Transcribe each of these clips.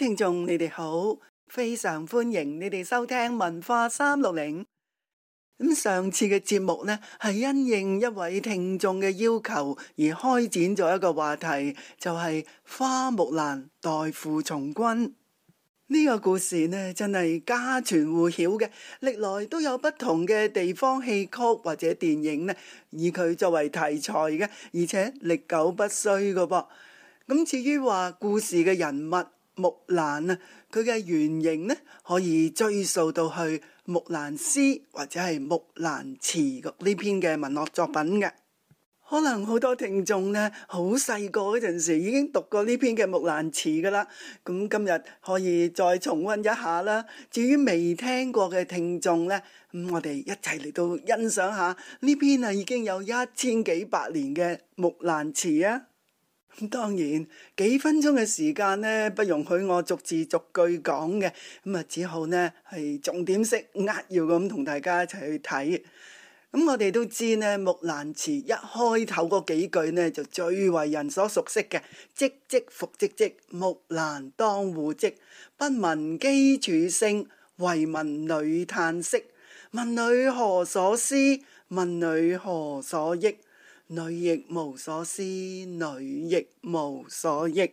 聽眾你哋好，非常歡迎你哋收聽文化三六零。咁上次嘅節目呢，係因應一位聽眾嘅要求而開展咗一個話題，就係花木蘭代父從軍呢個故事呢，真係家傳戶曉嘅，歷來都有不同嘅地方戲曲或者電影呢，以佢作為題材嘅，而且歷久不衰嘅噃。咁至於話故事嘅人物。木蘭啊，佢嘅原型呢，可以追溯到去《木蘭詩》或者係《木蘭詞》呢篇嘅文學作品嘅。可能好多聽眾呢，好細個嗰陣時已經讀過呢篇嘅《木蘭詞》噶啦。咁今日可以再重溫一下啦。至於未聽過嘅聽眾呢，咁、嗯、我哋一齊嚟到欣賞下篇呢篇啊，已經有一千幾百年嘅《木蘭詞》啊。咁當然幾分鐘嘅時間呢，不容許我逐字逐句講嘅，咁啊，只好呢係重點式扼要咁同大家一齊去睇。咁、嗯、我哋都知呢《木蘭辭》一開頭嗰幾句呢，就最為人所熟悉嘅：唧唧復唧唧，木蘭當戶織，不聞機杼聲，惟聞女嘆息。問女何所思？問女何所憶？女亦無所思，女亦無所憶。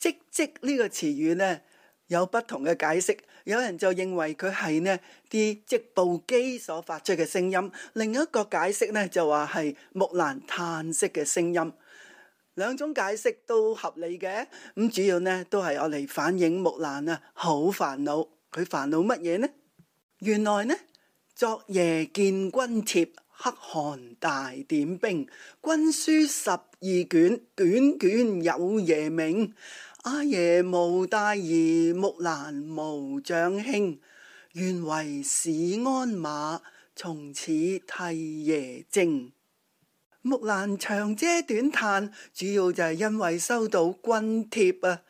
唧唧呢個詞語呢有不同嘅解釋，有人就認為佢係呢啲織布機所發出嘅聲音；另一個解釋呢就話係木蘭嘆息嘅聲音。兩種解釋都合理嘅，咁主要呢都係我嚟反映木蘭啊，好煩惱。佢煩惱乜嘢呢？原來呢，昨夜見軍帖。可汗大點兵，軍書十二卷，卷卷有爺名。阿爺無大兒，木蘭無長兄，願為市鞍馬，從此替爺征。木蘭長嗟短嘆，主要就係因為收到軍帖啊。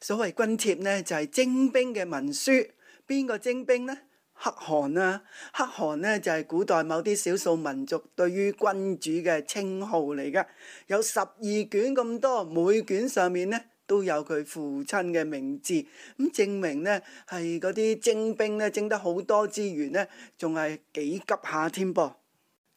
所謂軍帖呢，就係徵兵嘅文書。邊個徵兵呢？可汗啦，可汗呢，就係古代某啲少數民族對於君主嘅稱號嚟噶，有十二卷咁多，每卷上面呢，都有佢父親嘅名字，咁證明呢，係嗰啲徵兵呢，徵得好多資源呢，仲係幾急下添噃。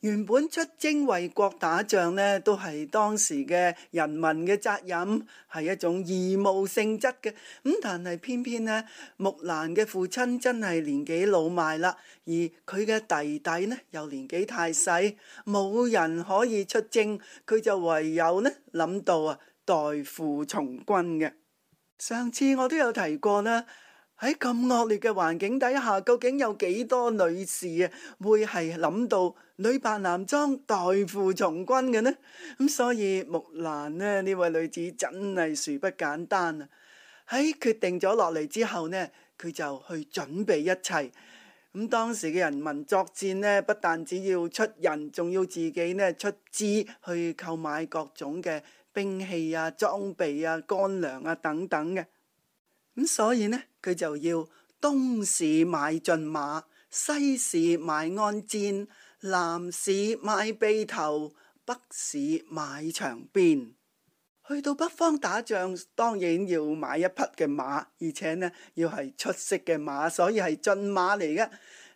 原本出征為國打仗呢，都係當時嘅人民嘅責任，係一種義務性質嘅。咁但係偏偏呢，木蘭嘅父親真係年紀老邁啦，而佢嘅弟弟呢，又年紀太細，冇人可以出征，佢就唯有呢，諗到啊，代父從軍嘅。上次我都有提過啦。喺咁惡劣嘅環境底下，究竟有幾多女士啊，會係諗到女扮男裝代父從軍嘅呢？咁、嗯、所以木蘭呢呢位女子真係殊不簡單啊！喺、哎、決定咗落嚟之後呢，佢就去準備一切。咁、嗯、當時嘅人民作戰呢，不但只要出人，仲要自己呢出資去購買各種嘅兵器啊、裝備啊、乾糧啊等等嘅、啊。咁所以呢，佢就要東市買駿馬，西市買鞍韉，南市買轡頭，北市買長鞭。去到北方打仗，當然要買一匹嘅馬，而且呢，要係出色嘅馬，所以係駿馬嚟嘅。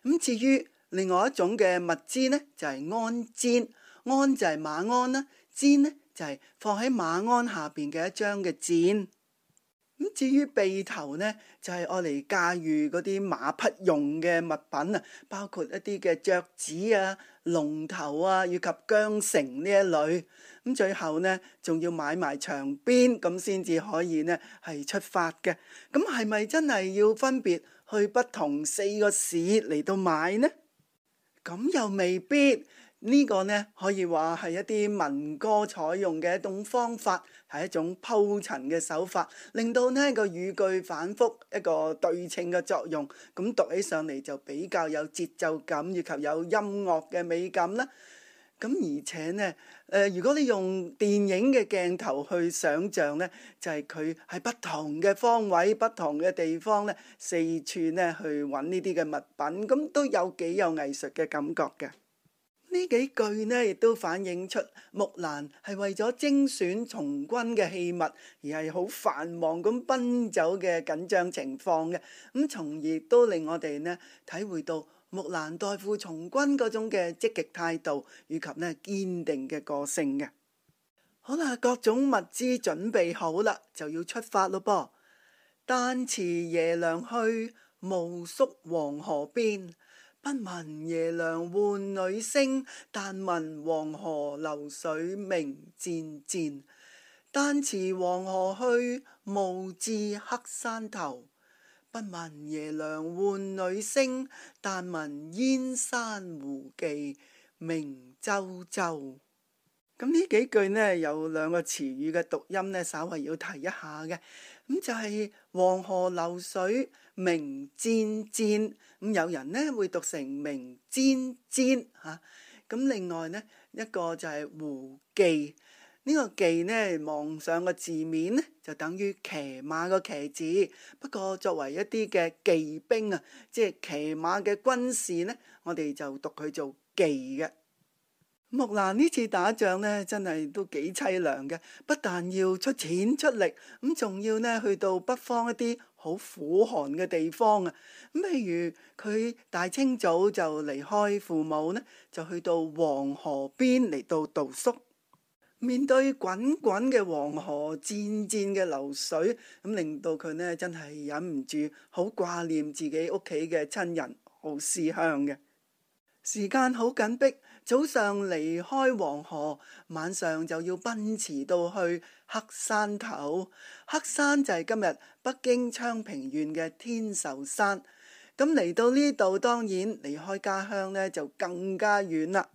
咁至於另外一種嘅物資呢，就係、是、鞍韉。鞍就係馬鞍啦，韉呢，就係放喺馬鞍下邊嘅一張嘅韉。至於轡頭呢，就係愛嚟駕馭嗰啲馬匹用嘅物品啊，包括一啲嘅嚼子啊、龍頭啊以及韁繩呢一類。咁最後呢，仲要買埋長鞭，咁先至可以呢係出發嘅。咁係咪真係要分別去不同四個市嚟到買呢？咁又未必。呢個呢，可以話係一啲民歌採用嘅一種方法，係一種鋪陳嘅手法，令到呢、呢個語句反覆一個對稱嘅作用，咁、嗯、讀起上嚟就比較有節奏感，以及有音樂嘅美感啦。咁、嗯、而且呢，誒、呃、如果你用電影嘅鏡頭去想像呢，就係佢喺不同嘅方位、不同嘅地方呢，四處呢去揾呢啲嘅物品，咁、嗯、都有幾有藝術嘅感覺嘅。呢幾句呢，亦都反映出木蘭係為咗精選從軍嘅器物而係好繁忙咁奔走嘅緊張情況嘅，咁從而都令我哋呢體會到木蘭代父從軍嗰種嘅積極態度以及呢堅定嘅個性嘅。好啦，各種物資準備好啦，就要出發咯噃。旦辭爺娘去，暮宿黃河邊。不聞爺娘喚女聲，但聞黃河流水鳴濺濺。旦辭黃河去，暮至黑山頭。不聞爺娘喚女聲，但聞燕山胡騎鳴啾啾。咁呢幾句呢，有兩個詞語嘅讀音呢，稍微要提一下嘅。咁、嗯、就係、是、黃河流水鳴濺濺，咁、嗯、有人呢會讀成鳴煎煎吓。咁、啊嗯、另外呢，一個就係、是、胡騎，呢、這個騎呢，望上個字面呢，就等於騎馬個騎字，不過作為一啲嘅騎兵啊，即係騎馬嘅軍士呢，我哋就讀佢做騎嘅。木蘭呢次打仗呢，真係都幾凄涼嘅。不但要出錢出力，咁仲要呢去到北方一啲好苦寒嘅地方啊！譬如佢大清早就離開父母呢，就去到黃河邊嚟到度度宿。面對滾滾嘅黃河、濺濺嘅流水，咁令到佢呢真係忍唔住好掛念自己屋企嘅親人、好思鄉嘅。時間好緊迫。早上離開黃河，晚上就要奔馳到去黑山頭。黑山就係今日北京昌平縣嘅天壽山。咁嚟到呢度，當然離開家鄉呢就更加遠啦，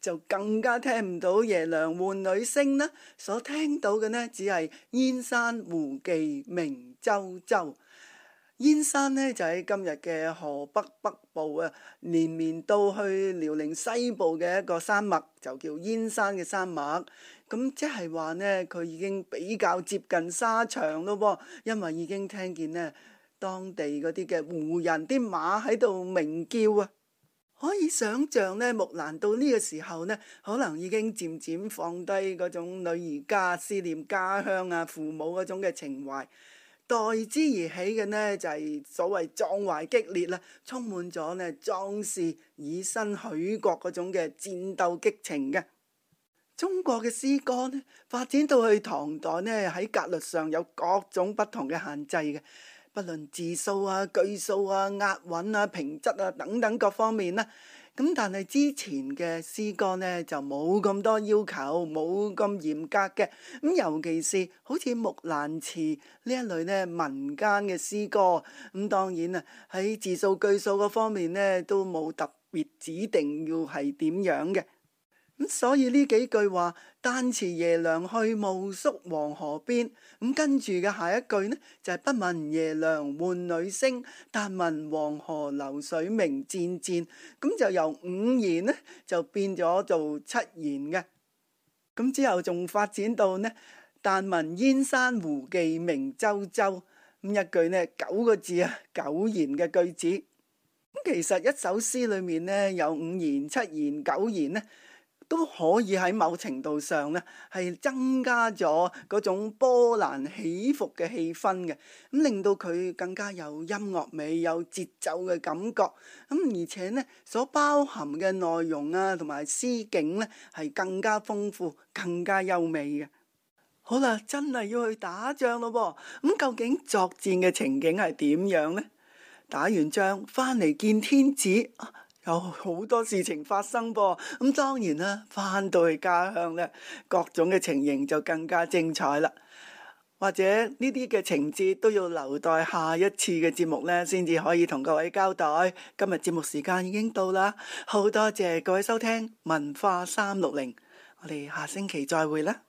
就更加聽唔到爺娘喚女聲啦，所聽到嘅呢只係燕山胡騎鳴啾啾。燕山呢就喺今日嘅河北北部啊，連綿到去遼寧西部嘅一個山脈，就叫燕山嘅山脈。咁即係話呢，佢已經比較接近沙場咯啊，因為已經聽見呢當地嗰啲嘅胡人啲馬喺度鳴叫啊。可以想象呢，木蘭到呢個時候呢，可能已經漸漸放低嗰種女兒家思念家鄉啊父母嗰種嘅情懷。代之而起嘅呢就係所謂壯懷激烈啦，充滿咗呢壯士以身許國嗰種嘅戰鬥激情嘅。中國嘅詩歌呢發展到去唐代呢，喺格律上有各種不同嘅限制嘅，不論字數啊、句數啊、押韻啊、平仄啊等等各方面啦。咁但係之前嘅詩歌呢，就冇咁多要求，冇咁嚴格嘅。咁尤其是好似木蘭辭呢一類呢民間嘅詩歌，咁當然啦喺字數句數嗰方面呢，都冇特別指定要係點樣嘅。咁所以呢幾句話，旦辭爺娘去，暮宿黃河邊。咁跟住嘅下一句呢，就係、是、不聞爺娘喚女聲，但聞黃河流水鳴濺濺。咁就由五言呢，就變咗做七言嘅。咁之後仲發展到呢，但聞燕山胡騎鳴啾啾。咁一句呢，九個字啊，九言嘅句子。咁其實一首詩裏面呢，有五言、七言、九言呢。都可以喺某程度上咧，係增加咗嗰種波瀾起伏嘅氣氛嘅，咁令到佢更加有音樂美、有節奏嘅感覺，咁而且呢，所包含嘅內容啊，同埋詩景呢，係更加豐富、更加優美嘅。好啦，真係要去打仗咯噃，咁究竟作戰嘅情景係點樣呢？打完仗翻嚟見天子。啊有好多事情發生噃，咁當然啦，翻到去家鄉咧，各種嘅情形就更加精彩啦。或者呢啲嘅情節都要留待下一次嘅節目呢，先至可以同各位交代。今日節目時間已經到啦，好多謝各位收聽《文化三六零》，我哋下星期再會啦。